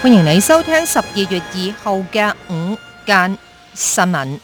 歡迎你收聽十二月二號嘅午間新聞。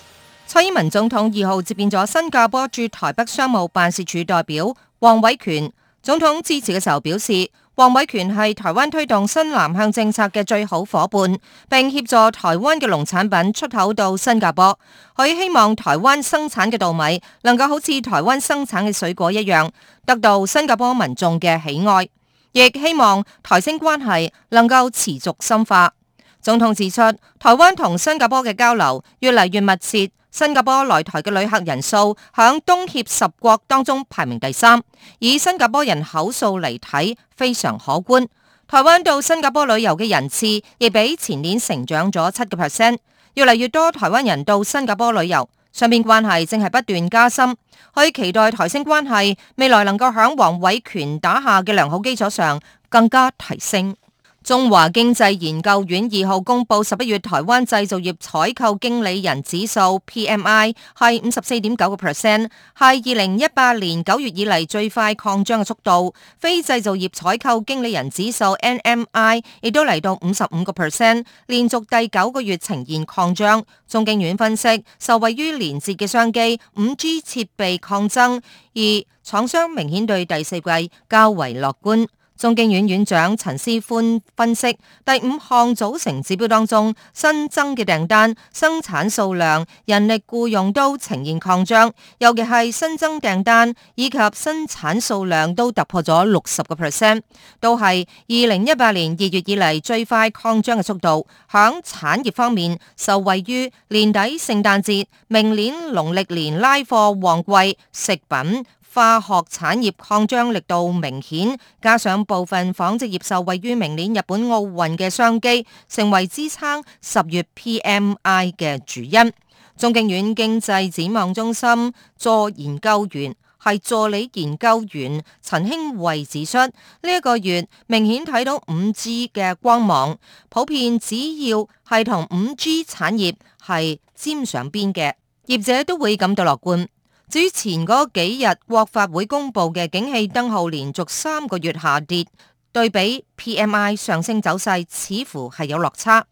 蔡英文總統二號接見咗新加坡駐台北商務辦事處代表黃偉權。總統致辭嘅時候表示，黃偉權係台灣推動新南向政策嘅最好夥伴，並協助台灣嘅農產品出口到新加坡。佢希望台灣生產嘅稻米能夠好似台灣生產嘅水果一樣，得到新加坡民眾嘅喜愛。亦希望台星關係能夠持續深化。總統指出，台灣同新加坡嘅交流越嚟越密切，新加坡來台嘅旅客人數響東協十國當中排名第三，以新加坡人口數嚟睇，非常可觀。台灣到新加坡旅遊嘅人次亦比前年成長咗七個 percent，越嚟越多台灣人到新加坡旅遊。雙邊關係正係不斷加深，可以期待台星關係未來能夠響王偉權打下嘅良好基礎上更加提升。中華經濟研究院二號公布十一月台灣製造業採購經理人指數 （PMI） 係五十四點九個 percent，係二零一八年九月以嚟最快擴張嘅速度。非製造業採購經理人指數 （NMI） 亦都嚟到五十五個 percent，連續第九個月呈現擴張。中經院分析，受惠於年節嘅商機、五 G 設備擴增，而廠商明顯對第四季較為樂觀。中經院院長陳思寬分析，第五項組成指標當中，新增嘅訂單、生產數量、人力僱傭都呈現擴張，尤其係新增訂單以及生產數量都突破咗六十個 percent，都係二零一八年二月以嚟最快擴張嘅速度。響產業方面，受惠於年底聖誕節、明年農曆年拉貨旺季，食品，化學產業擴張力度明顯，加上部分紡織業受惠於明年日本奧運嘅商機，成為支撐十月 PMI 嘅主因。中經院經濟展望中心助研究員係助理研究員陳興惠指出，呢、這、一個月明顯睇到五 G 嘅光芒，普遍只要係同五 G 產業係沾上邊嘅業者都會感到樂觀。之前嗰幾日，國發會公布嘅景氣燈號連續三個月下跌，對比 P M I 上升走勢，似乎係有落差。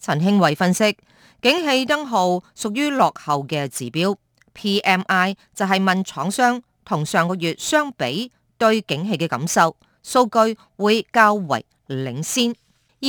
陳慶偉分析，景氣燈號屬於落後嘅指標，P M I 就係問廠商同上個月相比對景氣嘅感受，數據會較為領先。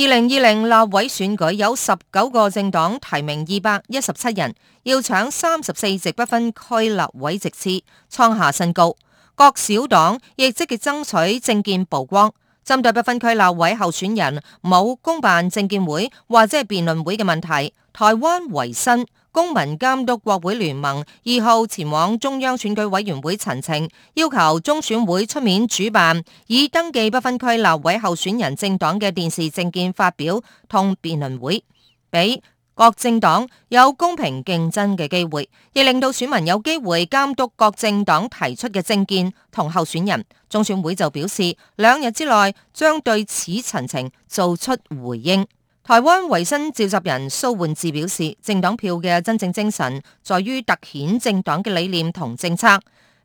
二零二零立委選舉有十九個政黨提名二百一十七人，要搶三十四席不分區立委席次，創下新高。各小黨亦積極爭取政見曝光，針對不分區立委候選人冇公辦政見會或者係辯論會嘅問題，台灣維新、公民監督國會聯盟二號前往中央選舉委員會陳情，要求中選會出面主辦，以登記不分區立委候選人政黨嘅電視政見發表同辯論會，俾各政黨有公平競爭嘅機會，亦令到選民有機會監督各政黨提出嘅政見同候選人。中選會就表示，兩日之內將對此陳情做出回應。台灣維新召集人蘇煥智表示，政黨票嘅真正精神在於凸顯政黨嘅理念同政策，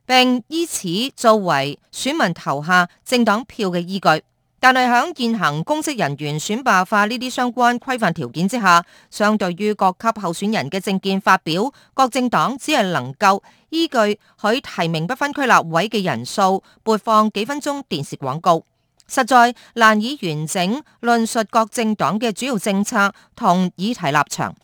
並以此作為選民投下政黨票嘅依據。但係喺現行公職人員選罷法呢啲相關規範條件之下，相對於各級候選人嘅政見發表，各政黨只係能夠依據佢提名不分區立委嘅人數，撥放幾分鐘電視廣告。實在難以完整論述各政黨嘅主要政策同議題立場。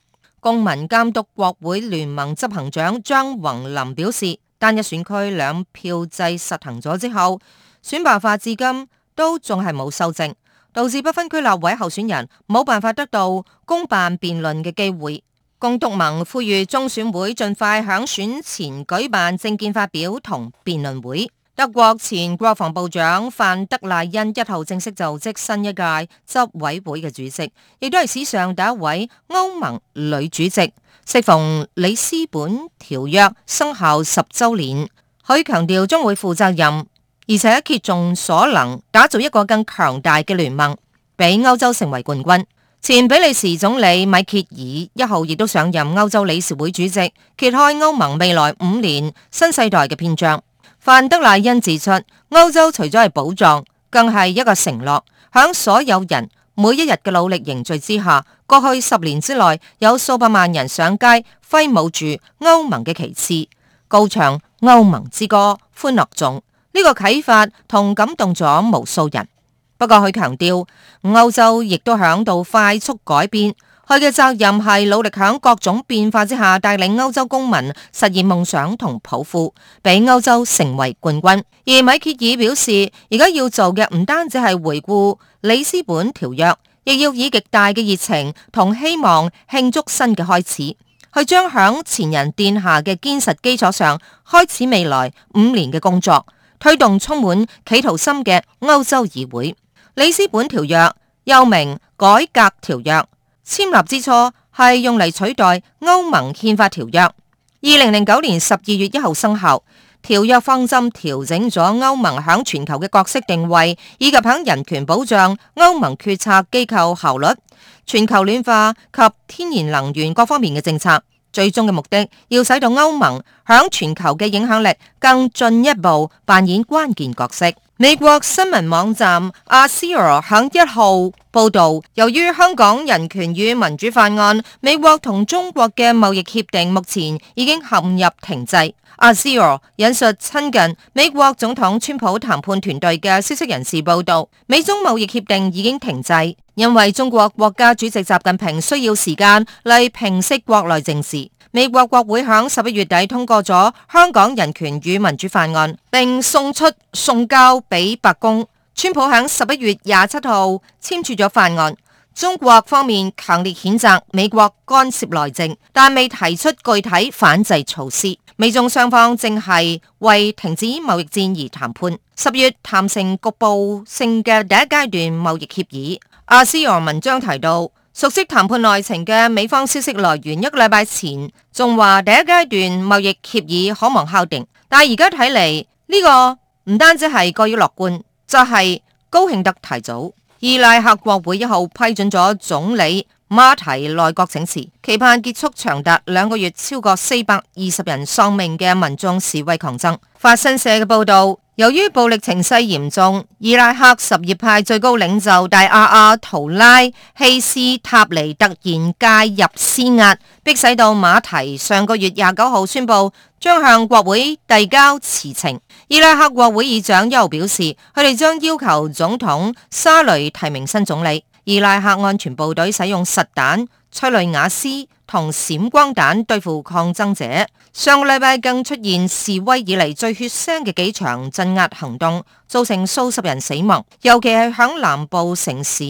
公民監督國會聯盟執行長張宏林表示，單一選區兩票制實行咗之後，選罷法至今都仲係冇修正，導致不分區立委候選人冇辦法得到公辦辯論嘅機會。公督盟呼籲中選會盡快響選前舉辦政見發表同辯論會。德國前國防部長范德賴恩一號正式就職新一屆執委會嘅主席，亦都係史上第一位歐盟女主席。適逢里斯本條約生效十周年，佢強調將會負責任，而且竭盡所能打造一個更強大嘅聯盟，俾歐洲成為冠軍。前比利時總理米歇爾一號亦都上任歐洲理事會主席，揭開歐盟未來五年新世代嘅篇章。范德賴恩指出，歐洲除咗係寶藏，更係一個承諾，響所有人每一日嘅努力凝聚之下，過去十年之內，有數百萬人上街揮舞住歐盟嘅旗幟，高唱歐盟之歌，歡樂頌。呢、這個啟發同感動咗無數人。不過佢強調，歐洲亦都響度快速改變。佢嘅責任係努力喺各種變化之下帶領歐洲公民實現夢想同抱負，俾歐洲成為冠軍。而米歇爾表示，而家要做嘅唔單止係回顧里斯本條約，亦要以極大嘅熱情同希望慶祝新嘅開始。佢將響前人殿下嘅堅實基礎上開始未來五年嘅工作，推動充滿企圖心嘅歐洲議會。里斯本條約又名改革條約。簽立之初係用嚟取代歐盟憲法條約。二零零九年十二月一號生效，條約方針調整咗歐盟響全球嘅角色定位，以及響人權保障、歐盟決策機構效率、全球暖化及天然能源各方面嘅政策。最終嘅目的要使到歐盟響全球嘅影響力更進一步扮演關鍵角色。美國新聞網站 Axios 響一號報道，由於香港人權與民主法案，美國同中國嘅貿易協定目前已經陷入停滯。Axios 引述親近美國總統川普談判團隊嘅消息人士報道，美中貿易協定已經停滯，因為中國國家主席習近平需要時間嚟平息國內政事。美國國會喺十一月底通過咗香港人權與民主法案，並送出送交俾白宮。川普喺十一月廿七號簽署咗法案。中國方面強烈譴責美國干涉內政，但未提出具體反制措施。美中雙方正係為停止貿易戰而談判。十月談成局部性嘅第一階段貿易協議。阿斯昂文章提到。熟悉談判內情嘅美方消息來源，一個禮拜前仲話第一階段貿易協議可望敲定，但係而家睇嚟呢個唔單止係過於樂觀，就係、是、高興得提早。伊拉克國會一號批准咗總理。馬提內閣請辭，期盼結束長達兩個月、超過四百二十人喪命嘅民眾示威抗爭。法新社嘅報道，由於暴力情勢嚴重，伊拉克什葉派最高領袖大阿亞圖拉希斯塔尼突然介入施壓，迫使到馬提上個月廿九號宣布將向國會遞交辭呈。伊拉克國會議長又表示，佢哋將要求總統沙雷提名新總理。伊拉克安全部隊使用實彈、催淚瓦斯同閃光彈對付抗爭者，上個禮拜更出現示威以嚟最血腥嘅幾場鎮壓行動，造成數十人死亡，尤其係響南部城市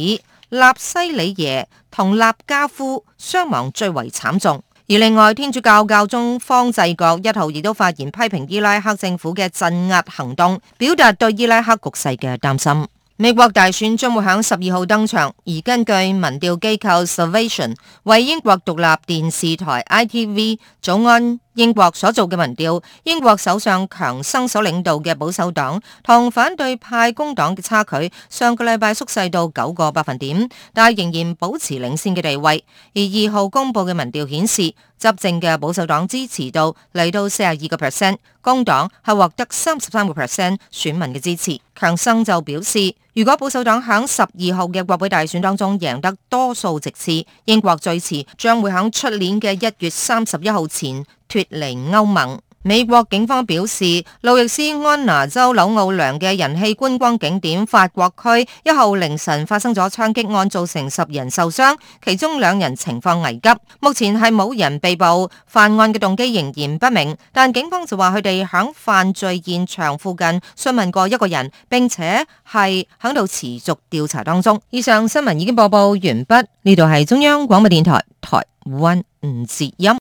納西里耶同納加夫，傷亡最為慘重。而另外，天主教教宗方濟各一號亦都發言批評伊拉克政府嘅鎮壓行動，表達對伊拉克局勢嘅擔心。美國大選將會喺十二號登場，而根據民調機構 Savation 為英國獨立電視台 ITV 早安英國所做嘅民調，英國首相強生所領導嘅保守黨同反對派工黨嘅差距，上個禮拜縮細到九個百分點，但係仍然保持領先嘅地位。而二號公布嘅民調顯示，執政嘅保守黨支持度嚟到四十二個 percent，工黨係獲得三十三個 percent 選民嘅支持。強生就表示，如果保守黨響十二號嘅國會大選當中贏得多數席次，英國最遲將會響出年嘅一月三十一號前。脫離歐盟。美國警方表示，路易斯安那州紐奧良嘅人氣觀光景點法國區一號凌晨發生咗槍擊案，造成十人受傷，其中兩人情況危急。目前係冇人被捕，犯案嘅動機仍然不明，但警方就話佢哋響犯罪現場附近詢問過一個人，並且係響度持續調查當中。以上新聞已經播報完畢，呢度係中央廣播電台台灣吳哲音。